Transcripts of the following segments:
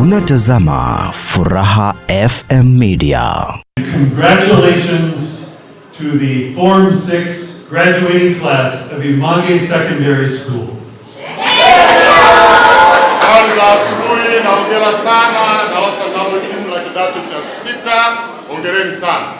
Unatazama Furaha FM Media. Congratulations to the Form 6 graduating class of Image Secondary School. Habari za asubuhi, naongera sana na wasanao la kidato cha sita, ongereni sana.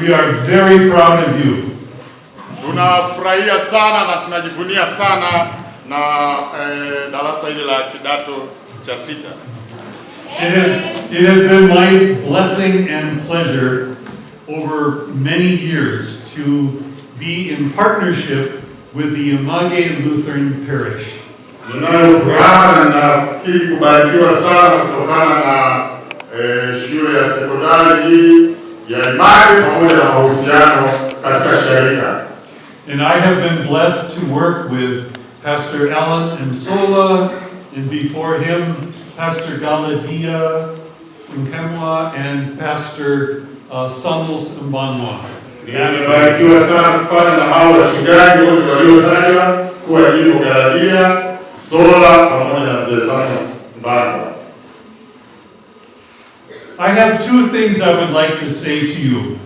We are very proud of you. Tunafurahia sana na tunajivunia sana na eh, darasa hili la kidato cha sita. It is, it has been my blessing and pleasure over many years to be in partnership with the Image Lutheran Parish. Eh, and I have been blessed to work with Pastor Alan Msola and before him, Pastor Galadia Nkemwa and Pastor uh, Samuels Mbanwa. Nimebarikiwa sana na hao wachungaji wote waliotajwa kuwa jimbo Galadia, Sola pamoja na mzee Samuels Mbanwa. I have two things I would like to say to you.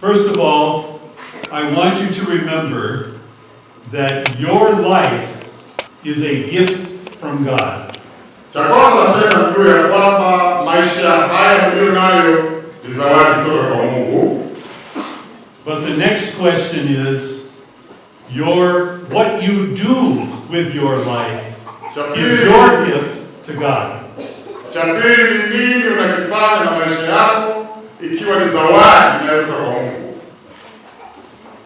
First of all, I want you to remember that your life is a gift from God. But the next question is your what you do with your life is your gift to God. Cha pili, nini unakifanya na maisha yako ikiwa ni zawadi inayotoka kwa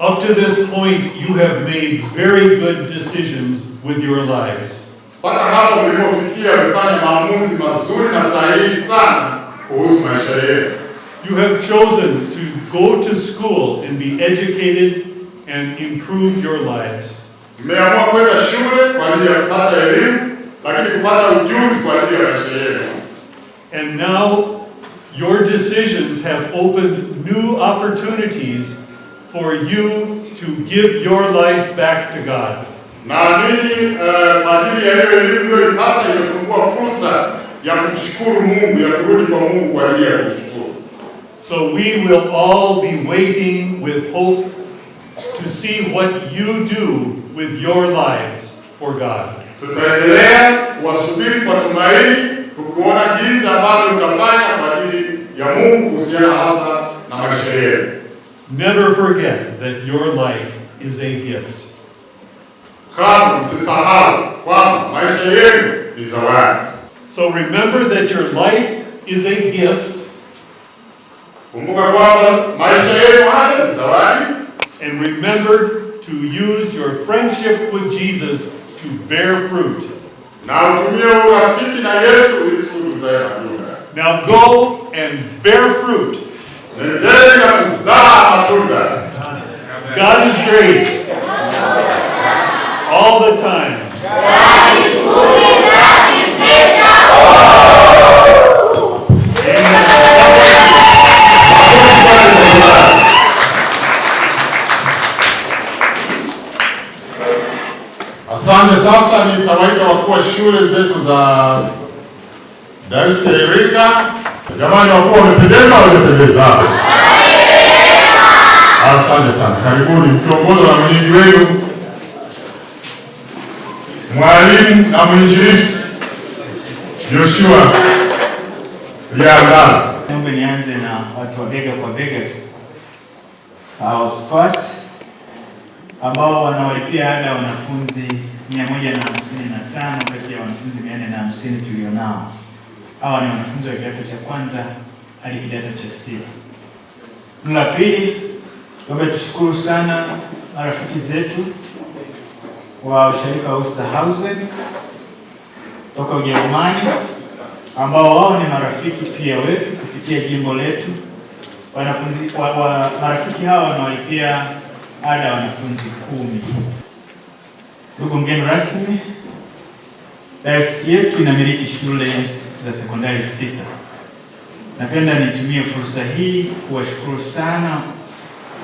up to this point, you have made very good decisions with your lives. You have chosen to go to school and be educated and improve your lives. And now your decisions have opened new opportunities for you to give your life back to God. Eh, so we will all be waiting with hope to see what you do with your lives for God. Tutaendelea kuwasubiri kwa tumaini jinsi ambavyo utafanya kwa ajili ya Mungu hasa na maisha yetu. Never forget that your life is a gift. So remember that your life is a gift and remember to use your friendship with Jesus to bear fruit. Now go and bear fruit Endeni na kuzaa God is great. All the time. God is good and God is faithful. Asante. Sasa nitawaita wakuu wa shule zetu za Dayosisi ya Iringa Jamani, wakuwa wamependeza, wamependeza. Asante sana, karibuni mkiongozwa na mwenyeji wenu mwalimu na mwinjilisti Joshua Liandala. Niombe nianze na watu wa bega kwa bega au uh, ambao wanawalipia ada wanafunzi 155 kati ya wanafunzi 450 tulionao. Hawa ni wanafunzi wa kidato cha kwanza hadi kidato cha sita. La pili, tushukuru sana marafiki zetu wa ushirika wa Wusterhausen toka Ujerumani ambao wao ni marafiki pia wetu kupitia jimbo letu. Wanafunzi wa, wa, marafiki hawa wanawalipia ada ya wanafunzi kumi. Ndugu mgeni rasmi, dayosisi yetu inamiliki shule za sekondari sita. Napenda nitumie fursa hii kuwashukuru sana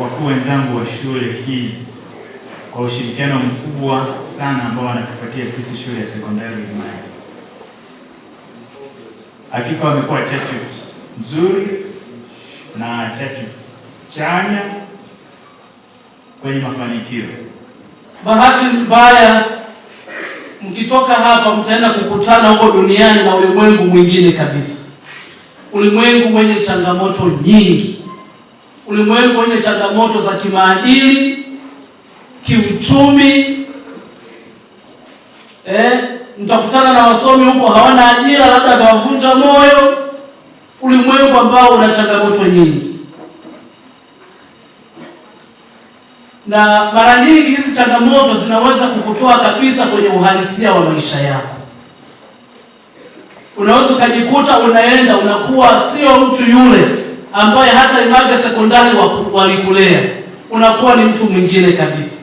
wakuu wenzangu wa shule hizi kwa ushirikiano mkubwa sana ambao wanatupatia sisi shule ya sekondari Imani. Hakika wamekuwa chachu nzuri na chachu chanya kwenye mafanikio. Bahati mbaya mkitoka hapa mtaenda kukutana huko duniani na ulimwengu mwingine kabisa, ulimwengu wenye changamoto nyingi, ulimwengu wenye changamoto za kimaadili, kiuchumi. Eh, mtakutana na wasomi huko hawana ajira, labda atawavunja moyo, ulimwengu ambao una changamoto nyingi na mara nyingi hizi changamoto zinaweza kukutoa kabisa kwenye uhalisia wa maisha yako. Unaweza ukajikuta unaenda unakuwa sio mtu yule ambaye hata imaga sekondari walikulea, unakuwa ni mtu mwingine kabisa.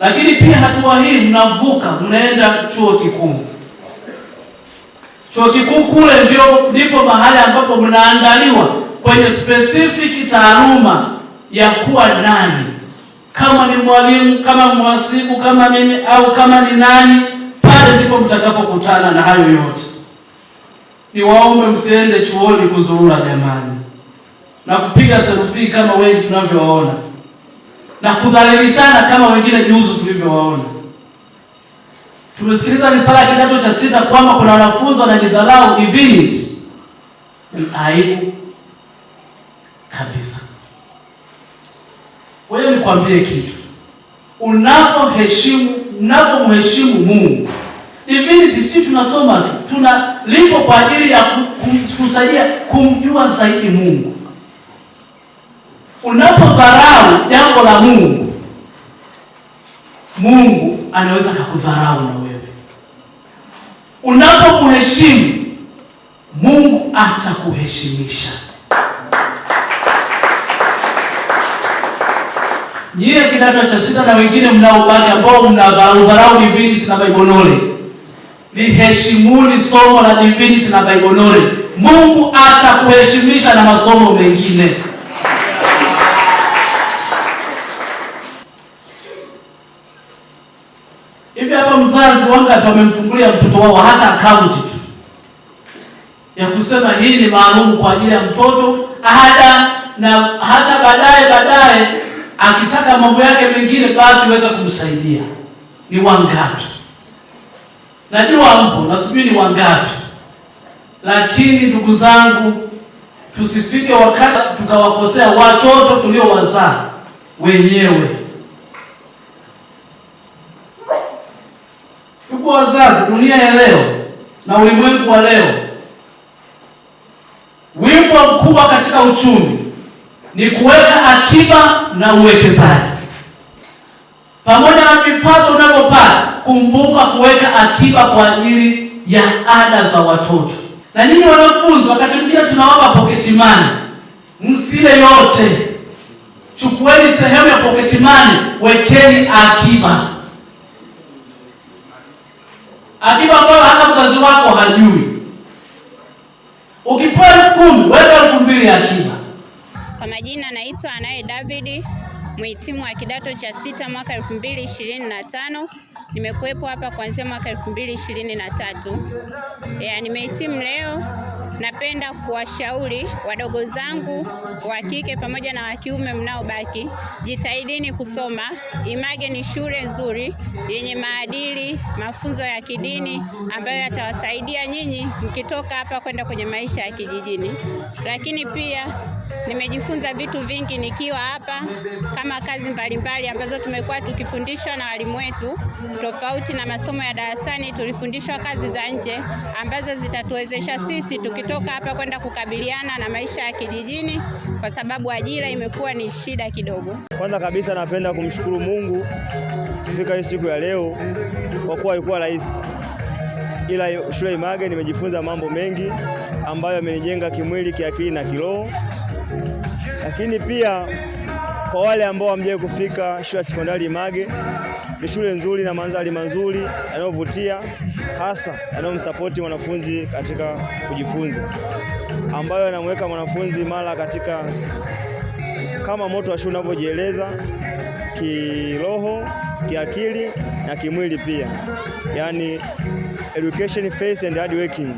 Lakini pia hatua hii mnavuka, mnaenda chuo kikuu. Chuo kikuu kule ndio ndipo mahali ambapo mnaandaliwa kwenye specific taaluma ya kuwa nani kama ni mwalimu, kama mwasibu, kama mimi au kama ni nani, pale ndipo mtakapokutana na hayo yote. Niwaombe msiende chuoni kuzurura jamani, na kupiga selfie kama wengi tunavyowaona, na kudhalilishana kama wengine juzi tulivyowaona. Tumesikiliza risala ya kidato cha sita kwamba kuna wanafunzi wanajidharau. Ni aibu kabisa nikwambie kitu, unapoheshimu unapomheshimu Mungu Divinity si tunasoma tu, tunalipo kwa ajili ya kusaidia kumjua zaidi Mungu. Unapodharau jambo la Mungu, Mungu anaweza kakudharau na wewe. Unapokuheshimu Mungu atakuheshimisha. nyie kidato cha sita na wengine mnaobaki ambao mnadharau divinity na baibolore, liheshimuni somo la divinity na baibolore. Mungu atakuheshimisha na masomo mengine. Hivi hapa mzazi wangapi wamemfungulia mtoto wao hata akaunti tu ya kusema hii ni maalumu kwa ajili ya mtoto, hata na hata baadaye baadaye akitaka mambo yake mengine basi weza kumsaidia. Ni wangapi? Najua mpo na sijui ni wangapi, lakini ndugu zangu, tusifike wakati tukawakosea watoto tuliowazaa wenyewe. Tuko wazazi, dunia ya leo na ulimwengu wa leo, wimbo mkubwa katika uchumi ni kuweka akiba na uwekezaji. Pamoja na mipato unavyopata, kumbuka kuweka akiba kwa ajili ya ada za watoto. Na nyinyi wanafunzi, wakati mwingine tunawapa pocket money, msile yote, chukueni sehemu ya pocket money, wekeni akiba, akiba ambayo hata mzazi wako hajui. Ukipewa elfu kumi weka elfu mbili akiba majina naitwa Anaye david mhitimu wa kidato cha sita mwaka 2025. Nimekuwepo hapa kuanzia mwaka 2023. Yeah, nimehitimu leo. Napenda kuwashauri wadogo zangu wa kike pamoja na wa kiume mnaobaki, jitahidini kusoma. Image ni shule nzuri yenye maadili, mafunzo ya kidini ambayo yatawasaidia nyinyi mkitoka hapa kwenda kwenye maisha ya kijijini, lakini pia Nimejifunza vitu vingi nikiwa hapa, kama kazi mbalimbali ambazo tumekuwa tukifundishwa na walimu wetu. Tofauti na masomo ya darasani, tulifundishwa kazi za nje ambazo zitatuwezesha sisi tukitoka hapa kwenda kukabiliana na maisha ya kijijini, kwa sababu ajira imekuwa ni shida kidogo. Kwanza kabisa napenda kumshukuru Mungu kufika hii siku ya leo, kwa kuwa haikuwa rahisi, ila shule Image nimejifunza mambo mengi ambayo amenijenga kimwili, kiakili na kiroho. Lakini pia kwa wale ambao hamjawahi kufika shule ya sekondari Image, ni shule nzuri na mandhari mazuri yanayovutia, hasa yanayomsapoti mwanafunzi katika kujifunza, ambayo yanamweka mwanafunzi mara katika kama moto wa shule unavyojieleza kiroho, kiakili na kimwili pia, yaani education faith and hard working.